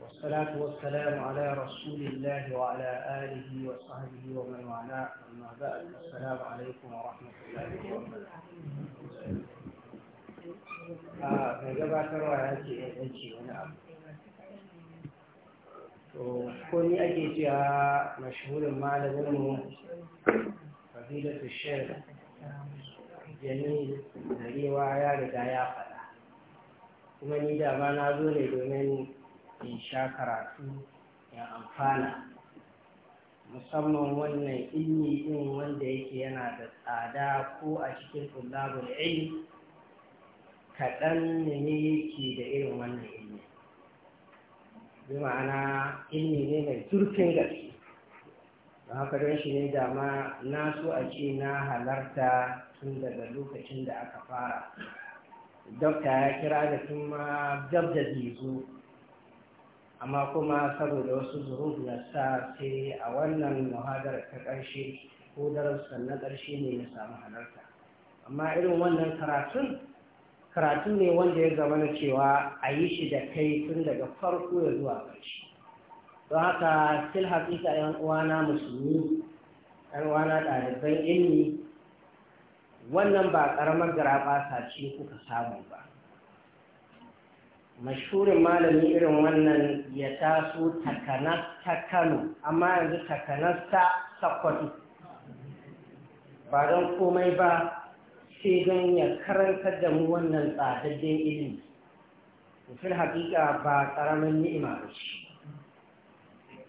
والصلاة والسلام على رسول الله وعلى آله وصحبه ومن والاه أما بعد السلام عليكم ورحمة الله وبركاته. mai gabatarwa ya ce ya jamil rewa ya riga ya faɗa kuma ni da na zo ne domin in sha karatu ya amfana musamman wannan ilmi din wanda yake yana da tsada ko a cikin tsullabar ilmi kaɗan ne yake da irin wannan ilmi bi ma'ana ilmi ne mai zurfin gaske don haka don shi ne dama na so a ce na halarta tun daga lokacin da aka fara dokta ya kira da kuma dab da zo amma kuma saboda wasu zurubu na sa sai a wannan muhadar ta ƙarshe ko darussan na ƙarshe ne ya samu halarta amma irin wannan karatun karatu ne wanda ya zama na cewa a yi shi da kai tun daga farko ya zuwa ƙarshe don haka sil haƙiƙa yan uwana musulmi yan uwana ɗaliban ilmi wannan ba ƙaramar garaba ce kuka samu ba mashhurin malami irin wannan ya taso takanas ta kano amma yanzu takanas ta sakwati ba don komai ba sai don ya karanta da mu wannan tsadadden ilimi kufin hakika ba ƙaramin ni'ima ba shi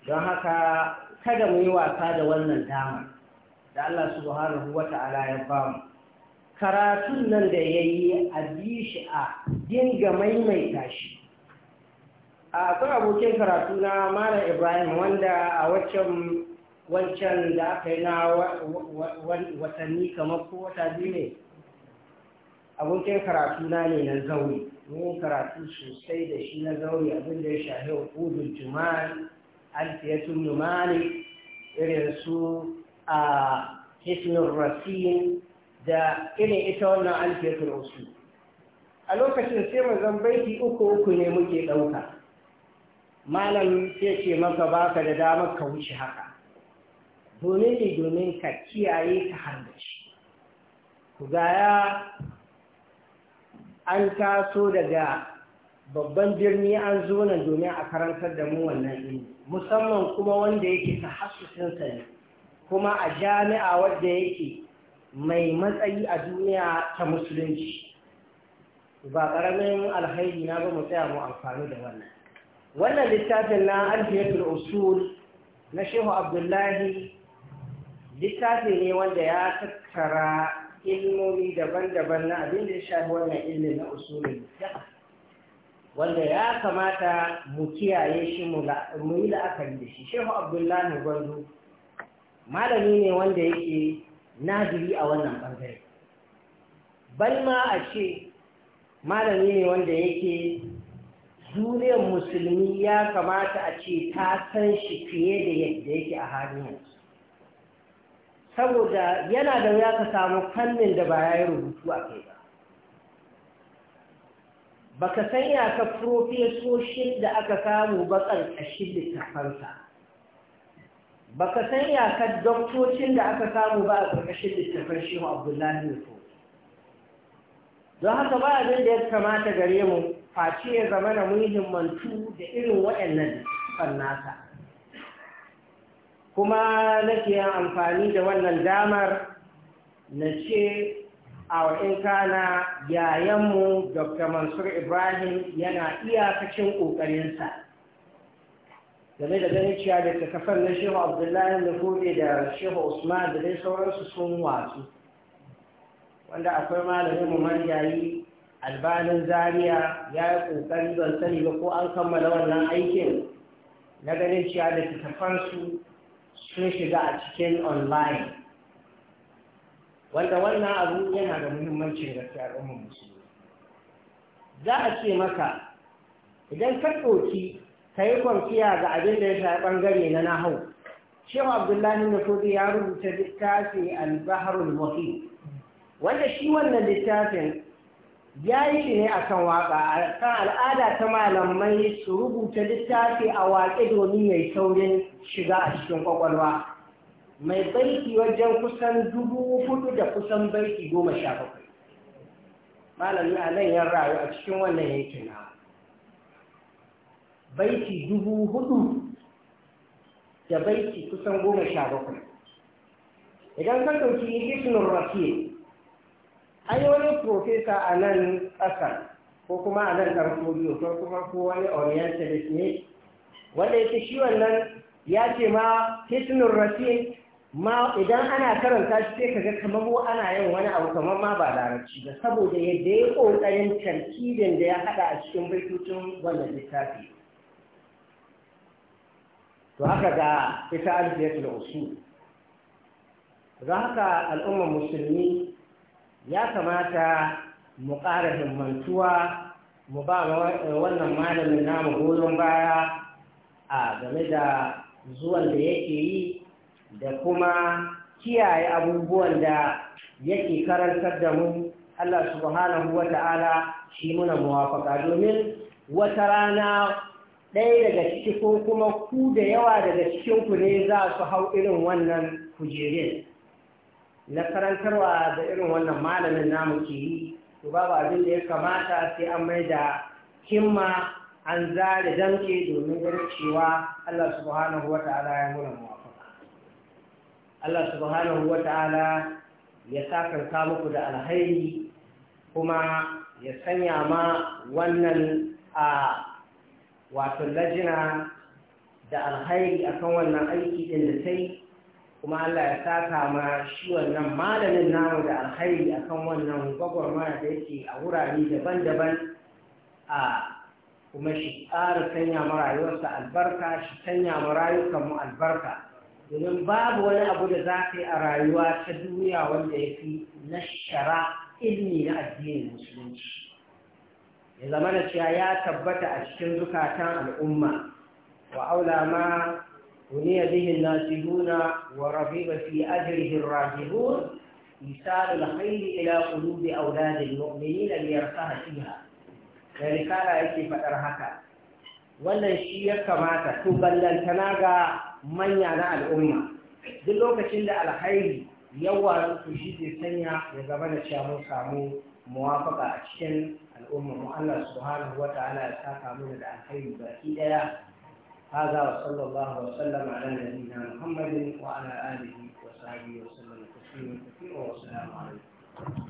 don haka kada mu yi wasa da wannan dama da Allah subhanahu wa ta'ala ya bamu karatun nan da ya yi a shi a dinga maimaita shi a kuma abokin karatu na mara ibrahim wanda a waccan wancan da aka yi na watanni kamar ko wata biyu ne abokin karatu na ne na zaune mun karatu sosai da shi na zaune abinda ya shahi hudun juma'an alfiyatun numani irin su a hisnin rasin da irin ita wannan alfiyatul wasu. a lokacin sai mazan baiti uku uku ne muke ɗauka malam sai ce maka baka da damar ka wuce haka domin ne domin ka kiyaye ka harbaci ku gaya an taso daga babban birni an zo nan domin a karantar da mu wannan ilimi musamman kuma wanda yake ta hasusinsa ne kuma a jami'a wadda yake mai matsayi a duniya ta musulunci ba ƙaramin alhairi na ba mu tsaya mu amfani da wannan wannan littafin na alfiyatul usul na shehu abdullahi littafi ne wanda ya tattara ilmomi daban-daban na abin da ya shafi wannan ilmi na usulun wanda ya kamata mu kiyaye shi mu yi la'akari da shi shehu abdullahi gwanzu malami ne wanda yake naziri a wannan ɓangare bal ma a ce malami ne wanda yake duniyar musulmi ya kamata a ce ta san shi fiye da yadda yake a halin yanzu saboda yana da wuya ka samu fannin da ba ya yi rubutu a kai ba baka san ka profesoshin da aka samu ba ƙarƙashin littafansa ba ka san iyakar doktocin da aka samu ba a ƙarƙashin littafin shehu abdullahi yusuf don haka ba abin da ya kamata gare mu face ya zama na muhimmantu da irin waɗannan fannasa kuma nake yin amfani da wannan damar na ce a wa'in kana yayanmu dr mansur ibrahim yana iyakacin ƙoƙarinsa game da ganin cewa da takafan na shehu abdullahi da kode da shehu usman da dai sauransu sun wasu wanda akwai malamin mu yi albanin zaria ya yi ƙoƙari ban sani ba ko an kammala wannan aikin na ganin cewa da takafan sun shiga a cikin online wanda wannan abu yana da muhimmancin ga mu musulmi za a ce maka idan ka ɗauki ka yi kwamfiya ga abin da ya shafi ɓangare na nahau shehu abdullahi masudi ya rubuta littafi al-baharul wanda shi wannan littafin ya yi shi ne a kan waƙa kan al'ada ta malamai su rubuta littafi a waƙe domin mai saurin shiga a cikin ƙwaƙwalwa mai baiki wajen kusan dubu hudu da kusan baiki goma sha bakwai malami a nan yan rayu a cikin wannan yankin na baiti dubu hudu da baiti kusan goma sha bakwai idan ka ɗauki ibnul rafi wani profesa a nan ƙasar ko kuma a nan ƙarfo biyu ko kuma ko wani orientalist ne wanda yake shi wannan ya ce ma hisnul rafi ma idan ana karanta shi sai kaga kamar ko ana yin wani abu kamar ma ba larabci ba saboda yadda ya kokarin tarkibin da ya haɗa a cikin baitocin wannan littafi to haka ga ita alfiyatul usul don haka al'ummar musulmi ya kamata mu ƙara himmantuwa mu ba wannan malami namu goyon baya a game da zuwan da yake yi da kuma kiyaye abubuwan da yake karantar da mu Allah subhanahu wa ta'ala shi muna muwafaka domin wata rana ɗaya daga ciki ko kuma ku da yawa daga cikinku ne za su hau irin wannan kujerin na karantarwa da irin wannan malamin namu ke yi to babu abin da ya kamata sai an mai da himma an zare damke domin ganin cewa Allah subhanahu wata'ala ya muna muwafaka Allah subhanahu wata'ala ya sakanta muku da alhairi kuma ya sanya ma wannan a wato lajina da alhairi akan wannan aiki ɗin da ta kuma Allah ya saka ma shi wannan malamin namu da alhairi akan wannan gwagwarmaya da yake a wurare daban-daban a kuma shi ƙara sanya mu rayuwarsa albarka shi sanya mu rayukanmu albarka domin babu wani abu da za ka yi a rayuwa ta duniya wanda ya fi na shara ilmi na addinin musulunci ya zama da cewa ya tabbata a cikin zukatan al'umma wa aula ma buniya bihin nuna wa rabiba fi ajrihi rahibun isalu alkhairi ila qulubi auladil mu'minina liyarsaha fiha da rikala yake faɗar haka wannan shi ya kamata to ballantana ga manya na al'umma duk lokacin da alkhairi yawa su shi zai sanya ya zama da cewa mun samu muwafaka a cikin الأم محمد سبحانه وتعالى يساقى من العلحين باكيدا هذا وصلى الله وسلم على نبينا محمد وعلى آله وصحبه وسلم تسليما كثيرا والسلام عليكم